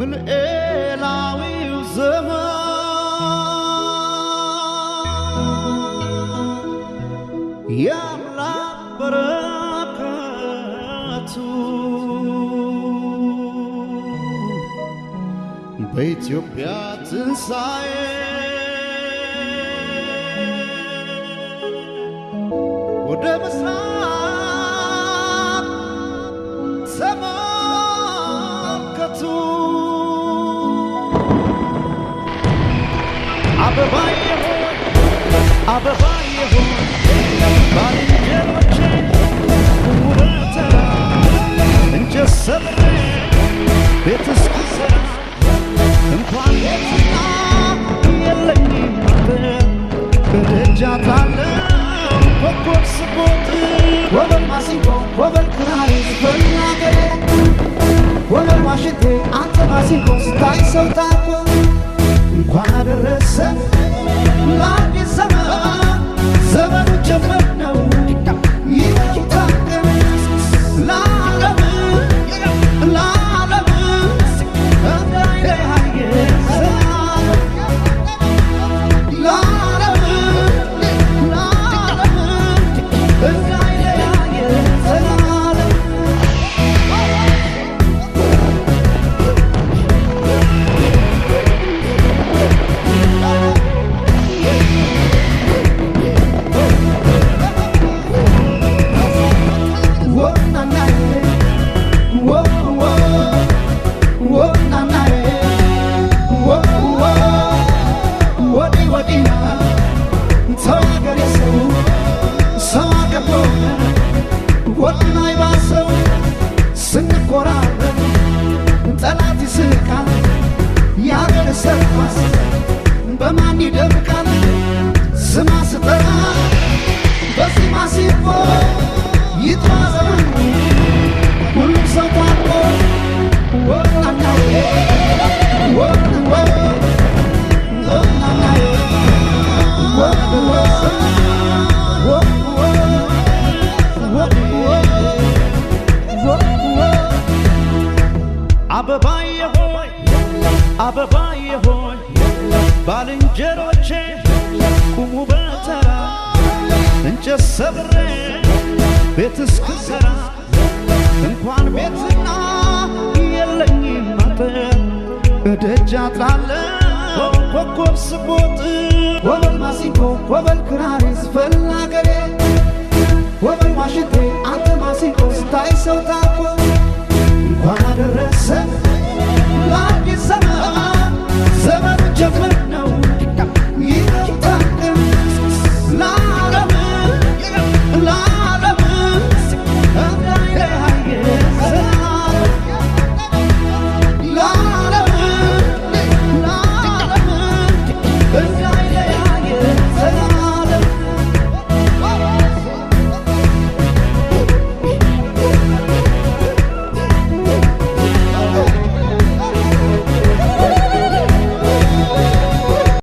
ምንኤላዊው ዘመን የአምላክ በረከቱ በኢትዮጵያ ትንሣኤ ወደ ምስራቅ አበባዬ ሆይ አበባዬ ሆይ ባልንጀሮቼ ውበታ እንኳን ቤትና የለኝም በደጃፍ አለ ኮከብ ስቆጥር ወበል ማሲንቆ ወበል ክራር ዝፈና ገሬ እንኳን አደረሰን my አበባዬ ሆይ አበባዬ ሆይ ባልንጀሮቼ ቁሙ በተራ እንጨት ሰብሬ ቤት እስክሰራ እንኳን ቤትና የለኝም አጥር እደጃ ጥላለ ኮከብ ስቦጥ ማሲንኮ ወበል ክራሪ ክራሪስ ፈላገሬ